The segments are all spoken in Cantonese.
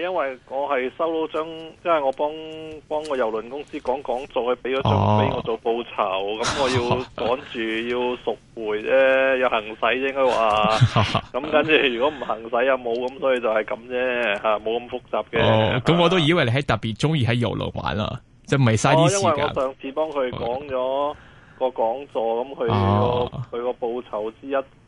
因為我係收到張，因為我幫幫個郵輪公司講講座，佢俾咗張俾我做報酬，咁我要趕住 要贖回啫，要行使應該話，咁跟住如果唔行使，又冇，咁所以就係咁啫，吓冇咁複雜嘅。咁、oh. 啊、我都以為你喺特別中意喺郵輪玩啦，就唔係嘥啲時間。因為我上次幫佢講咗個講座，咁佢佢個報酬之一。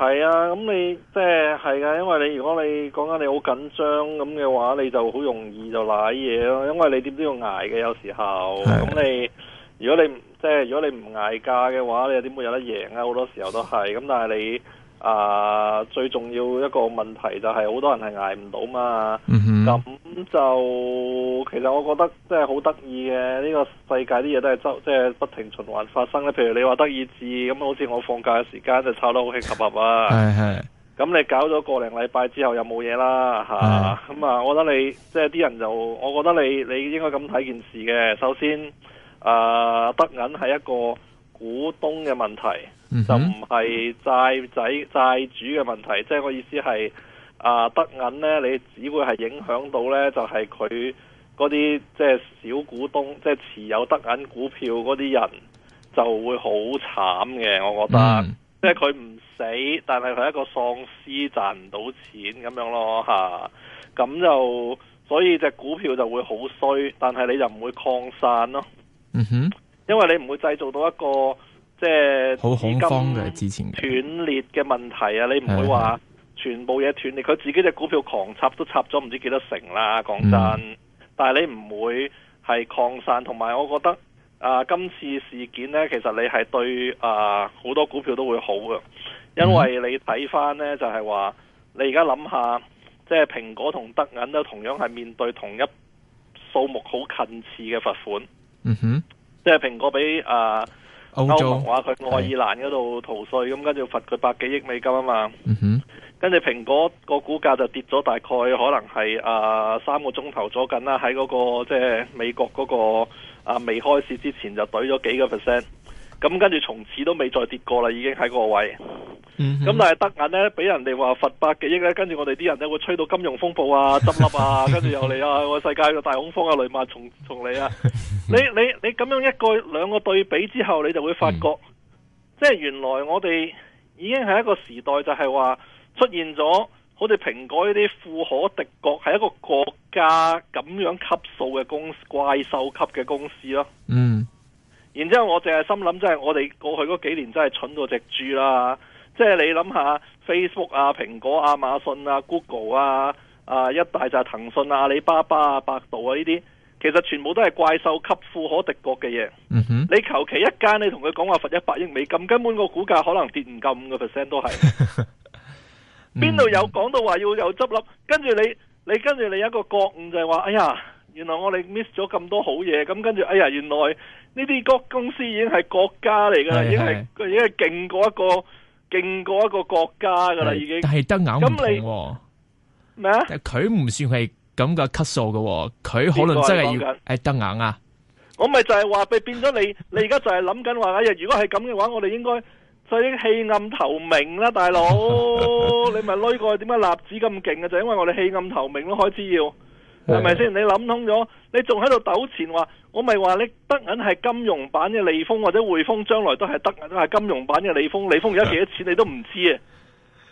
係啊，咁你即係係㗎，因為你如果你講緊你好緊張咁嘅話，你就好容易就瀨嘢咯。因為你點都要捱嘅，有時候。咁你如果你即係如果你唔捱價嘅話，你又點會有得贏啊？好多時候都係咁，但係你。啊，最重要一個問題就係好多人係捱唔到嘛，咁、嗯、就其實我覺得即係好得意嘅，呢個世界啲嘢都係即係不停循環發生咧。譬如你話德意志咁，好似我放假嘅時間就炒得好興合合啊。咁、嗯、你搞咗個零禮拜之後又冇嘢啦嚇咁啊、嗯，我覺得你即係啲人就，我覺得你你應該咁睇件事嘅。首先，啊，德銀係一個股東嘅問題。 就唔係債仔債主嘅問題，即係我意思係，啊德銀呢，你只會係影響到呢，就係佢嗰啲即係小股東，即係持有德銀股票嗰啲人就會好慘嘅，我覺得。即係佢唔死，但係佢係一個喪屍賺唔到錢咁樣咯，吓。咁就所以隻股票就會好衰，但係你就唔會擴散咯。哼， 因為你唔會製造到一個。即係好恐慌嘅，之前斷裂嘅問題啊，你唔會話全部嘢斷裂，佢自己隻股票狂插都插咗唔知幾多成啦。講真，嗯、但係你唔會係擴散。同埋我覺得啊、呃，今次事件呢，其實你係對啊好、呃、多股票都會好嘅，因為你睇返呢，就係、是、話，你而家諗下，即係蘋果同德銀都同樣係面對同一數目好近似嘅罰款。嗯哼，即係蘋果俾啊。呃歐盟話佢愛爾蘭嗰度逃稅，咁跟住罰佢百幾億美金啊嘛。跟、嗯、住蘋果個股價就跌咗大概可能係啊、呃、三個鐘頭左近啦，喺嗰、那個即係、呃、美國嗰、那個啊未、呃、開市之前就懟咗幾個 percent。咁跟住，從此都未再跌過啦，已經喺個位。咁、嗯、但係德銀呢，俾人哋話罰百幾億呢。跟住我哋啲人就會吹到金融風暴啊、執笠啊， 跟住又嚟啊，個 世界又大恐慌啊，雷曼重重嚟啊！ 你你你咁樣一個兩個對比之後，你就會發覺，嗯、即係原來我哋已經係一個時代，就係話出現咗好似蘋果呢啲富可敵國，係一個國家咁樣級數嘅公司、怪獸級嘅公司咯。嗯。然之後我淨係心諗，真係我哋過去嗰幾年真係蠢到隻豬啦！即係你諗下，Facebook 啊、蘋果、啊、亞馬遜啊、Google 啊，啊一大就係騰訊、啊、阿里巴巴啊、百度啊呢啲，其實全部都係怪獸級富可敵國嘅嘢、嗯。你求其一間，你同佢講話罰一百億美金，根本個股價可能跌唔夠五個 percent 都係。邊 度、嗯、有講到話要有執笠？跟住你，你跟住你有一個覺悟就係話，哎呀。原來我哋 miss 咗咁多好嘢。咁跟住哎呀，原來呢啲個公司已經係國家嚟噶啦，已經係已經係勁過一個勁過一個國家噶啦，已經。但係得硬唔同咩？佢唔算係咁嘅級數噶，佢可能真係要誒得硬啊！我咪就係話畀變咗你，你而家就係諗緊話啊！如果係咁嘅話，我哋應該所以棄暗投明啦，大佬！你咪拉個點解粒子咁勁嘅？就因為我哋棄暗投明咯，開始要。係咪先？你諗通咗，你仲喺度抖錢話，我咪話你德銀係金融版嘅利豐或者匯豐，將來都係德銀都係金融版嘅利豐。利豐而家幾多錢你都唔知啊？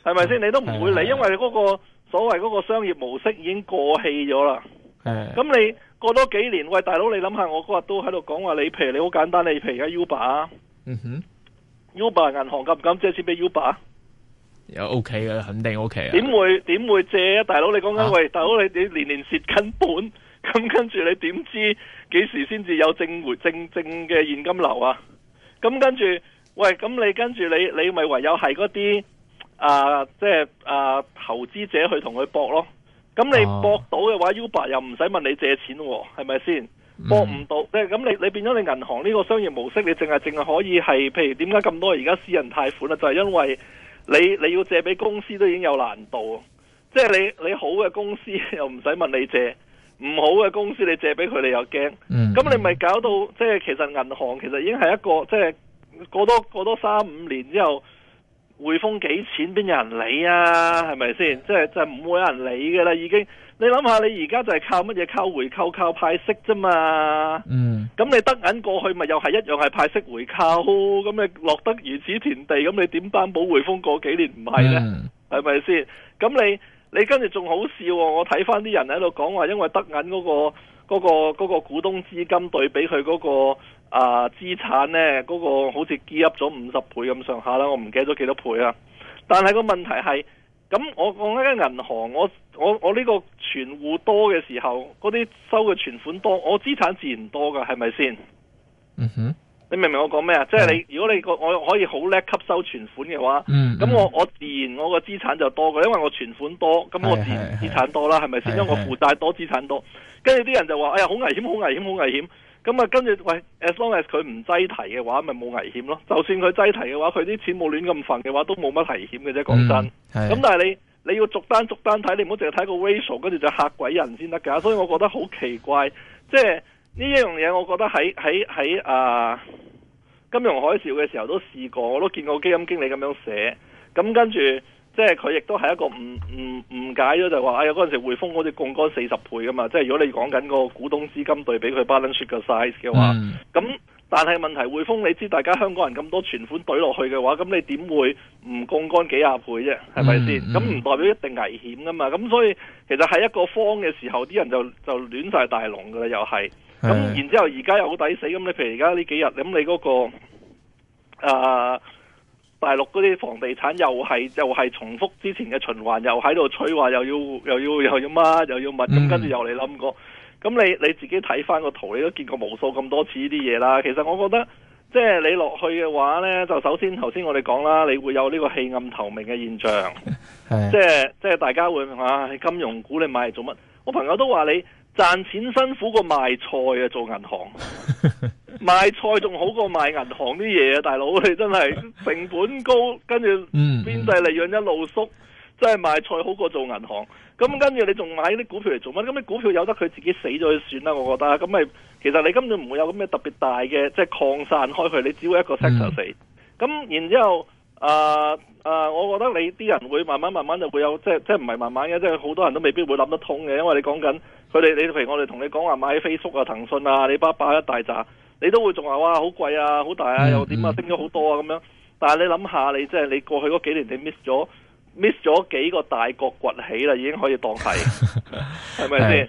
係咪先？你都唔會理，因為嗰個所謂嗰個商業模式已經過氣咗啦。咁你過多幾年，喂大佬，你諗下，我嗰日都喺度講話，你譬如你好簡單，你譬如而家 Uber 啊、嗯、，Uber 銀行敢唔敢借錢俾 Uber？有 OK 嘅，肯定 OK 啊！點會點會借啊？大佬你講緊、啊、喂，大佬你你，你年年蝕緊本，咁跟住你點知幾時先至有正回正正嘅現金流啊？咁跟住，喂，咁你跟住你你咪唯有係嗰啲啊，即係啊投資者去同佢搏咯。咁你搏到嘅話、啊、，Uber 又唔使問你借錢，係咪先？搏、嗯、唔到，即係咁你你變咗你銀行呢個商業模式，你淨係淨係可以係，譬如點解咁多而家私人貸款啦、啊，就係、是、因為。你你要借俾公司都已經有難度，即係你你好嘅公司又唔使問你借，唔好嘅公司你借俾佢、嗯、你又驚，咁你咪搞到即係其實銀行其實已經係一個即係過多過多三五年之後匯豐幾錢邊有人理啊？係咪先？即係就唔、係、會有人理㗎啦，已經。你諗下，你而家就係靠乜嘢？靠回扣、靠派息啫嘛。嗯，咁你得銀過去咪又係一樣係派息回扣，咁你落得如此田地。咁你點擔保匯豐過幾年唔係咧？係咪先？咁、嗯、你你跟住仲好笑、哦。我睇翻啲人喺度講話，因為得銀嗰個嗰、嗰個嗰、嗰個股東資金對比佢嗰、嗰個啊資、呃、產咧，嗰、嗰個好似積入咗五十倍咁上下啦。我唔記得咗幾多倍啦。但係個問題係。咁我講緊一間銀行，我我我呢個存戶多嘅時候，嗰啲收嘅存款多，我資產自然多噶，係咪先？嗯哼，你明唔明我講咩啊？Yeah. 即係你，如果你個我可以好叻吸收存款嘅話，咁、mm -hmm. 我我自然我個資產就多㗎！因為我存款多，咁我自然資產多啦，係咪先？Yeah. 因為我負債多，資產多，跟住啲人就話：哎呀，好危險，好危險，好危險！咁啊，跟住喂，as long as 佢唔擠提嘅話，咪冇危險咯。就算佢擠提嘅話，佢啲錢冇亂咁瞓嘅話，都冇乜危險嘅啫。講真，咁、嗯、但係你你要逐單逐單睇，你唔好淨係睇個 ratio，跟住就嚇鬼人先得㗎。所以我覺得好奇怪，即係呢一樣嘢，我覺得喺喺喺啊金融海嘯嘅時候都試過，我都見過基金經理咁樣寫，咁跟住。即係佢亦都係一個唔誤誤，誤解咗，就話哎呀嗰陣時匯豐好似槓桿四十倍噶嘛。即係如果你講緊個股東資金對比佢 balance sheet 嘅 size 嘅話，咁、嗯、但係問題匯豐你知，大家香港人咁多存款懟落去嘅話，咁你點會唔槓桿幾廿倍啫？係咪先？咁、嗯、唔、嗯、代表一定危險噶嘛。咁所以其實喺一個慌嘅時候，啲人就就亂晒大龍噶啦，又係咁。然之後而家又好抵死咁，你譬如而家呢幾日咁，咁你嗰個、啊大陸嗰啲房地產又係又係重複之前嘅循環，又喺度取話又要又要又要乜又要物，咁、嗯、跟住又嚟諗過。咁你你自己睇翻個圖，你都見過無數咁多次呢啲嘢啦。其實我覺得，即係你落去嘅話呢，就首先頭先我哋講啦，你會有呢個棄暗投明嘅現象，即係即係大家會啊、哎，金融股你買嚟做乜？我朋友都話你。賺錢辛苦過賣菜啊！做銀行 賣菜仲好過賣銀行啲嘢啊！大佬你真係成本高，跟住邊際利潤一路縮，真係賣菜好過做銀行。咁跟住你仲買啲股票嚟做乜？咁你股票有得佢自己死咗去算啦。我覺得咁咪、就是，其實你根本唔會有咁嘅特別大嘅，即係擴散開去。你只會一個 set 就死。咁 然之後，誒、呃、誒、呃，我覺得你啲人會慢慢慢慢就會有，即係即係唔係慢慢嘅，即係好多人都未必會諗得通嘅，因為你講緊。佢哋你譬如我哋同你講話買 Facebook 啊、騰訊啊、阿里巴巴一大扎，你都會仲話哇好貴啊、好大啊，又點啊升咗好多啊咁樣。但係你諗下，你即係你過去嗰幾年你 miss 咗 miss 咗幾個大國崛起啦，已經可以當係，係咪先？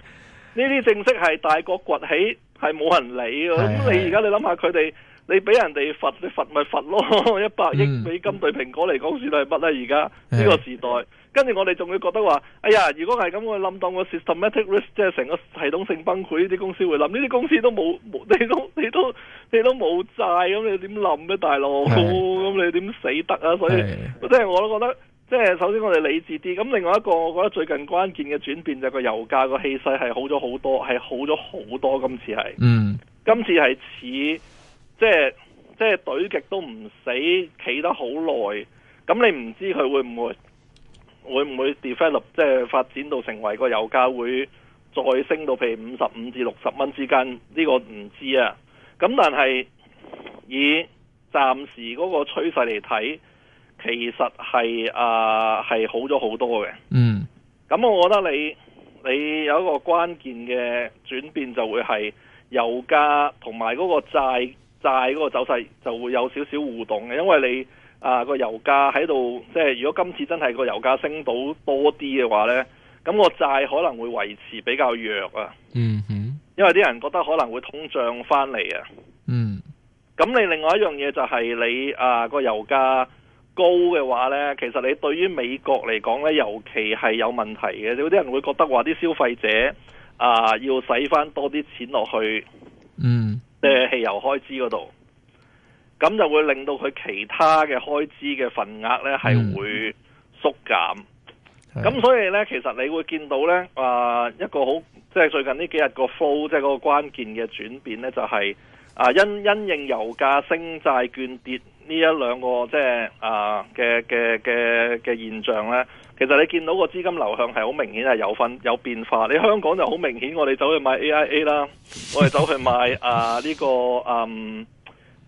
呢啲正式係大國崛起，係冇人理嘅。咁你而家你諗下佢哋，你俾人哋罰，你罰咪罰咯？一百億美金對蘋果嚟講算係乜咧？而家呢個時代。跟住我哋仲會覺得話，哎呀，如果係咁，我諗當個 systematic risk，即係成個系統性崩潰呢啲公司會冧，呢啲公司都冇，你都你都你都冇債，咁你點冧咧，大佬？咁你點死得啊？所以，所以即係我都覺得，即係首先我哋理智啲。咁另外一個，我覺得最近關鍵嘅轉變就係個油價個氣勢係好咗好多，係好咗好多。今次係，嗯，今次係似，即係即係懟極都唔死，企得好耐。咁你唔知佢會唔會？會唔會 develop 即係發展到成為個油價會再升到譬如五十五至六十蚊之間，呢個唔知啊！咁但係以暫時嗰個趨勢嚟睇，其實係啊係好咗好多嘅。嗯。咁我覺得你你有一個關鍵嘅轉變就會係油價同埋嗰個債債嗰個走勢就會有少少互動嘅，因為你。啊，個油價喺度，即係如果今次真係個油價升到多啲嘅話呢，咁個債可能會維持比較弱啊。嗯哼，因為啲人覺得可能會通脹翻嚟啊。嗯，咁你另外一樣嘢就係你啊個油價高嘅話呢，其實你對於美國嚟講呢，尤其係有問題嘅，有啲人會覺得話啲消費者啊要使翻多啲錢落去，嗯、mm-hmm. 啊，即係汽油開支嗰度。咁就會令到佢其他嘅開支嘅份額呢係會縮減，嗯。咁所以呢，其實你會見到呢啊、呃、一個好即係最近呢幾日個 flow 即係個關鍵嘅轉變呢，就係、係、啊、呃、因因應油價升、債券跌呢一兩個即係啊嘅嘅嘅嘅現象呢。其實你見到個資金流向係好明顯係有分有變化。你香港就好明顯，我哋走去買 AIA 啦，我哋走去買 啊呢、呢個嗯。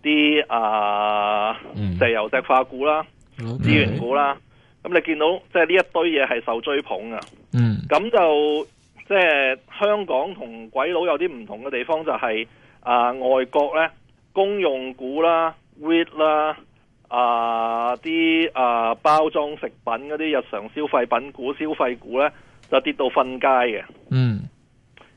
啲、嗯、啊石油石化股啦，okay. 資源股啦，咁你見到即係呢一堆嘢係受追捧啊，咁、嗯、就即係香港同鬼佬有啲唔同嘅地方就係、是、啊、呃、外國咧公用股啦、REIT 啦啊啲啊包裝食品嗰啲日常消費品股、消費股咧就跌到瞓街嘅。嗯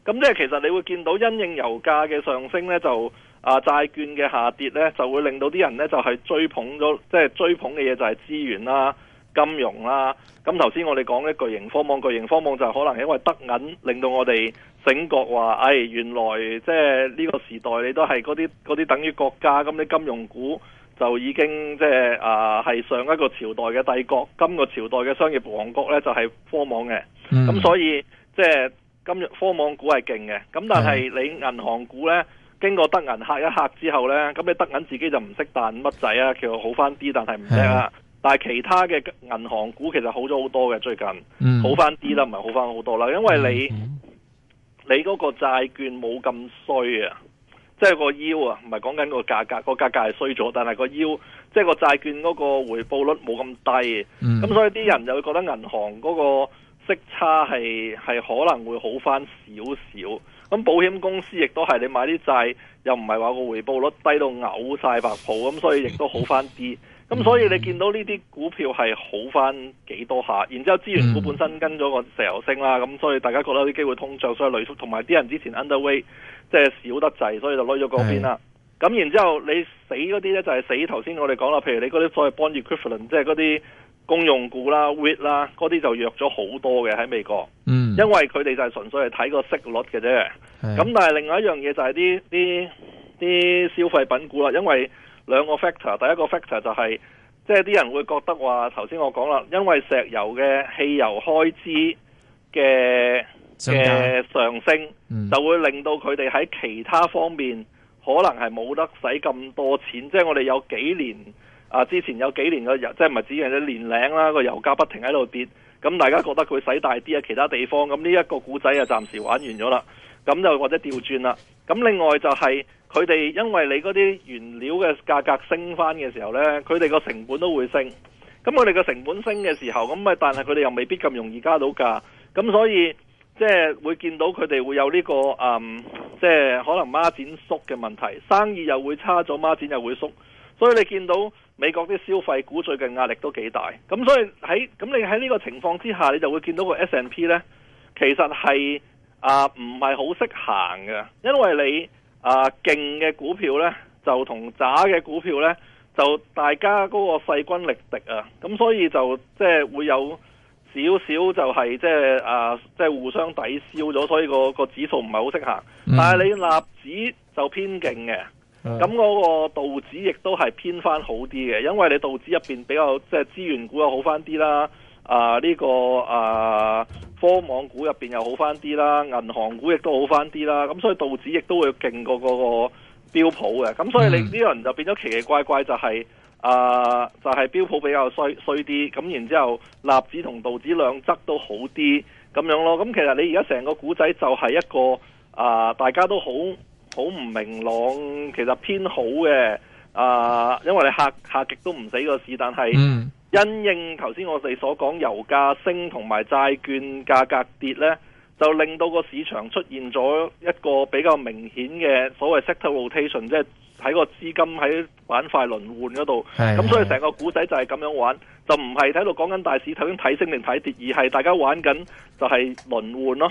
咁即係其實你會見到因應油價嘅上升呢，就啊債券嘅下跌呢就會令到啲人呢就係、是、追捧咗，即、就、係、是、追捧嘅嘢就係資源啦、金融啦。咁頭先我哋講嘅巨型科網、巨型科網，就可能因為德銀令到我哋醒覺話，哎原來即係呢個時代你都係嗰啲嗰啲等於國家咁啲金融股就已經即係、就是、啊係上一個朝代嘅帝國，今個朝代嘅商業王國呢，就係、是、科網嘅。咁、嗯、所以即係。就是今日科網股係勁嘅，咁但係你銀行股呢，經過德銀吓一吓之後呢，咁你德銀自己就唔識彈乜仔啊，其實好翻啲，但係唔叻啦。但係其他嘅銀行股其實好咗好多嘅，最近好翻啲啦，唔、嗯、係好翻好多啦、嗯，因為你、嗯、你嗰個債券冇咁衰啊，即、就、係、是、個腰啊，唔係講緊個價格，個價格係衰咗，但係個腰即係個債券嗰個回報率冇咁低，咁、嗯、所以啲人就會覺得銀行嗰、那個。息差係可能會好翻少少，咁保險公司亦都係你買啲債，又唔係話個回報率低到嘔晒白泡，咁所以亦都好翻啲。咁 所以你見到呢啲股票係好翻幾多下，然之後資源股本身跟咗個石油升啦，咁 所以大家覺得有啲機會通脹，所以累縮。同埋啲人之前 underweight 即係少得滯，所以就攞咗嗰邊啦。咁 然之後你死嗰啲呢，就係死頭先我哋講啦，譬如你嗰啲所謂 bond equivalent 即係嗰啲。公用股啦、wit 啦，嗰啲就弱咗好多嘅喺美國，嗯，因為佢哋就係純粹係睇個息率嘅啫。係。咁但係另外一樣嘢就係啲啲啲消費品股啦，因為兩個 factor，第一個 factor 就係即係啲人會覺得話頭先我講啦，因為石油嘅汽油開支嘅嘅上升，嗯，就會令到佢哋喺其他方面可能係冇得使咁多錢，即係我哋有幾年。啊！之前有幾年個油，即係唔係指人哋年齡啦，個油價不停喺度跌，咁大家覺得佢使大啲啊，其他地方咁呢一個古仔就暫時玩完咗啦，咁就或者調轉啦。咁另外就係佢哋因為你嗰啲原料嘅價格升翻嘅時候呢，佢哋個成本都會升。咁我哋個成本升嘅時候，咁啊，但係佢哋又未必咁容易加到價。咁所以即係會見到佢哋會有呢個嗯，即係可能孖展縮嘅問題，生意又會差咗，孖展又會縮。所以你見到美國啲消費股最近壓力都幾大，咁所以喺咁你喺呢個情況之下，你就會見到個 S&P 呢，其實係啊唔係好識行嘅，因為你啊勁嘅股票呢，就同渣嘅股票呢，就大家嗰個勢均力敵啊，咁所以就即係、即係、會有少少就係即係啊即係互相抵消咗，所以、個那個指數唔係好識行，嗯、但係你納指就偏勁嘅。咁嗰個道指亦都係偏翻好啲嘅，因為你道指入面比較即係、就是、資源股又好翻啲啦，啊呢、這個啊科網股入面又好翻啲啦，銀行股亦都好翻啲啦，咁所以道指亦都會勁過嗰個標普嘅，咁所以你呢個人就變咗奇奇怪怪、就是啊，就係啊就係標普比較衰衰啲，咁然之後納指同道指兩側都好啲咁樣咯，咁其實你而家成個古仔就係一個啊大家都好。好唔明朗，其實偏好嘅啊、呃，因為你客客極都唔死個市，但係、嗯、因應頭先我哋所講油價升同埋債券價格跌呢就令到個市場出現咗一個比較明顯嘅所謂 sector rotation，即係喺個資金喺板塊輪換嗰度。咁所以成個故仔就係咁樣玩，就唔係喺度講緊大市究竟睇升定睇跌，而係大家玩緊就係輪換咯。